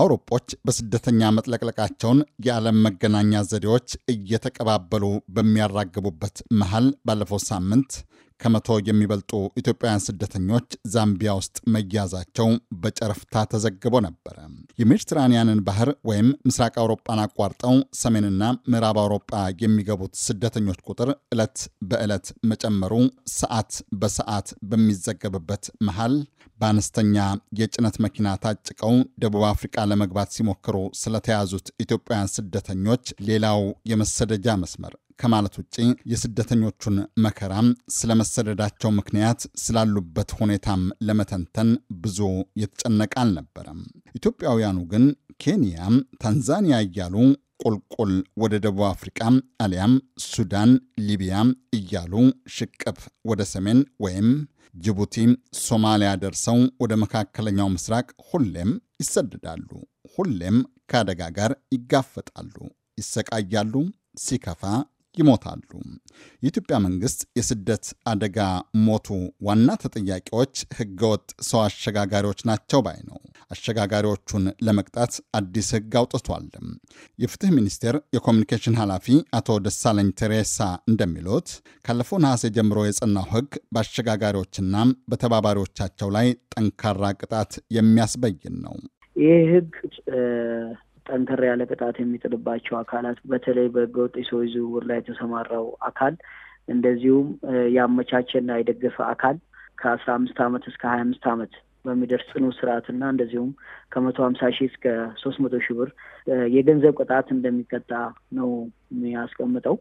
አውሮጶች በስደተኛ መጥለቅለቃቸውን የዓለም መገናኛ ዘዴዎች እየተቀባበሉ በሚያራግቡበት መሃል ባለፈው ሳምንት ከመቶ የሚበልጡ ኢትዮጵያውያን ስደተኞች ዛምቢያ ውስጥ መያዛቸው በጨረፍታ ተዘግቦ ነበረ። የሜዲትራኒያንን ባህር ወይም ምስራቅ አውሮፓን አቋርጠው ሰሜንና ምዕራብ አውሮፓ የሚገቡት ስደተኞች ቁጥር ዕለት በዕለት መጨመሩ ሰዓት በሰዓት በሚዘገብበት መሃል በአነስተኛ የጭነት መኪና ታጭቀው ደቡብ አፍሪቃ ለመግባት ሲሞክሩ ስለተያዙት ኢትዮጵያውያን ስደተኞች ሌላው የመሰደጃ መስመር ከማለት ውጭ የስደተኞቹን መከራም ስለመሰደዳቸው ምክንያት ስላሉበት ሁኔታም ለመተንተን ብዙ የተጨነቀ አልነበረም። ኢትዮጵያውያኑ ግን ኬንያ፣ ታንዛኒያ እያሉ ቁልቁል ወደ ደቡብ አፍሪቃ አሊያም ሱዳን፣ ሊቢያ እያሉ ሽቅብ ወደ ሰሜን ወይም ጅቡቲ፣ ሶማሊያ ደርሰው ወደ መካከለኛው ምስራቅ ሁሌም ይሰደዳሉ። ሁሌም ከአደጋ ጋር ይጋፈጣሉ፣ ይሰቃያሉ፣ ሲከፋ ይሞታሉ። የኢትዮጵያ መንግስት የስደት አደጋ ሞቱ ዋና ተጠያቂዎች ህገወጥ ሰው አሸጋጋሪዎች ናቸው ባይ ነው። አሸጋጋሪዎቹን ለመቅጣት አዲስ ህግ አውጥቷል። የፍትህ ሚኒስቴር የኮሚኒኬሽን ኃላፊ አቶ ደሳለኝ ቴሬሳ እንደሚሉት ካለፈው ነሐሴ ጀምሮ የጸናው ህግ በአሸጋጋሪዎችና በተባባሪዎቻቸው ላይ ጠንካራ ቅጣት የሚያስበይን ነው። ይህ ህግ ጠንከር ያለ ቅጣት የሚጥልባቸው አካላት በተለይ በህገወጥ የሰዎች ዝውውር ላይ የተሰማራው አካል እንደዚሁም ያመቻቸና የደገፈ አካል ከአስራ አምስት አመት እስከ ሀያ አምስት አመት በሚደርስ ጽኑ ስርዓትና እንደዚሁም ከመቶ ሀምሳ ሺህ እስከ ሶስት መቶ ሺህ ብር የገንዘብ ቅጣት እንደሚቀጣ ነው ያስቀምጠው።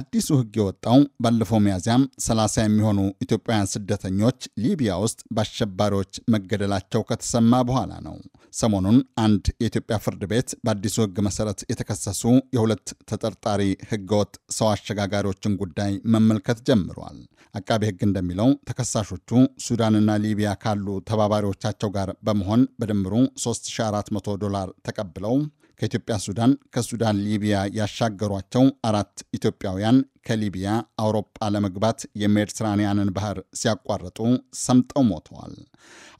አዲሱ ህግ የወጣው ባለፈው ሚያዝያም ሰላሳ የሚሆኑ ኢትዮጵያውያን ስደተኞች ሊቢያ ውስጥ በአሸባሪዎች መገደላቸው ከተሰማ በኋላ ነው። ሰሞኑን አንድ የኢትዮጵያ ፍርድ ቤት በአዲሱ ሕግ መሰረት የተከሰሱ የሁለት ተጠርጣሪ ሕገወጥ ሰው አሸጋጋሪዎችን ጉዳይ መመልከት ጀምሯል። አቃቤ ሕግ እንደሚለው ተከሳሾቹ ሱዳንና ሊቢያ ካሉ ተባባሪዎቻቸው ጋር በመሆን በድምሩ 3400 ዶላር ተቀብለው ከኢትዮጵያ ሱዳን፣ ከሱዳን ሊቢያ ያሻገሯቸው አራት ኢትዮጵያውያን ከሊቢያ አውሮፓ ለመግባት የሜዲትራንያንን ባህር ሲያቋርጡ ሰምጠው ሞተዋል።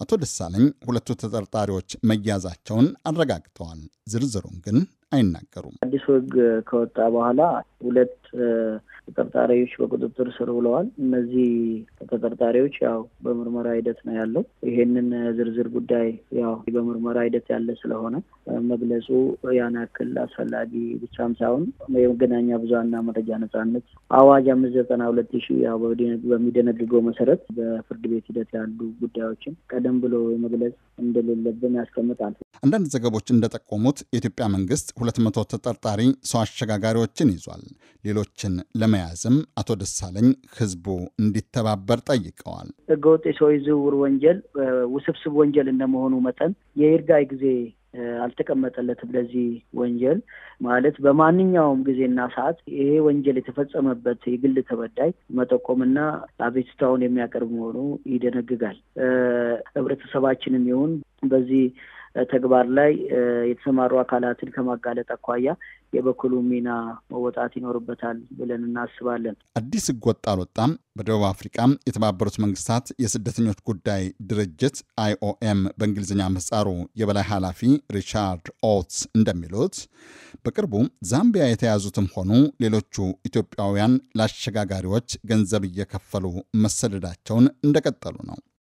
አቶ ደሳለኝ ሁለቱ ተጠርጣሪዎች መያዛቸውን አረጋግጠዋል። ዝርዝሩን ግን አይናገሩም። አዲሱ ሕግ ከወጣ በኋላ ሁለት ተጠርጣሪዎች በቁጥጥር ስር ውለዋል። እነዚህ ተጠርጣሪዎች ያው በምርመራ ሂደት ነው ያለው። ይሄንን ዝርዝር ጉዳይ ያው በምርመራ ሂደት ያለ ስለሆነ መግለጹ ያን ያክል አስፈላጊ ብቻም ሳይሆን የመገናኛ ብዙሃንና መረጃ ነጻነት አዋጅ አምስት ዘጠና ሁለት ሺ ያው በሚደነግገው መሰረት በፍርድ ቤት ሂደት ያሉ ጉዳዮችን ቀደም ብሎ መግለጽ እንደሌለብን ያስቀምጣል። አንዳንድ ዘገቦች እንደጠቆሙት የኢትዮጵያ መንግስት 200 ተጠርጣሪ ሰው አሸጋጋሪዎችን ይዟል። ሌሎችን ለመያዝም አቶ ደሳለኝ ህዝቡ እንዲተባበር ጠይቀዋል። ህገወጥ የሰው ዝውውር ወንጀል ውስብስብ ወንጀል እንደመሆኑ መጠን የይርጋይ ጊዜ አልተቀመጠለትም። ለዚህ ወንጀል ማለት በማንኛውም ጊዜና ሰዓት ይሄ ወንጀል የተፈጸመበት የግል ተበዳይ መጠቆምና አቤቱታውን የሚያቀርብ መሆኑ ይደነግጋል። ህብረተሰባችንም ይሁን በዚህ ተግባር ላይ የተሰማሩ አካላትን ከማጋለጥ አኳያ የበኩሉ ሚና መወጣት ይኖርበታል ብለን እናስባለን። አዲስ ህግ ወጣ አልወጣም። በደቡብ አፍሪካ የተባበሩት መንግስታት የስደተኞች ጉዳይ ድርጅት አይኦኤም በእንግሊዝኛ ምህጻሩ የበላይ ኃላፊ ሪቻርድ ኦትስ እንደሚሉት በቅርቡ ዛምቢያ የተያዙትም ሆኑ ሌሎቹ ኢትዮጵያውያን ለአሸጋጋሪዎች ገንዘብ እየከፈሉ መሰደዳቸውን እንደቀጠሉ ነው።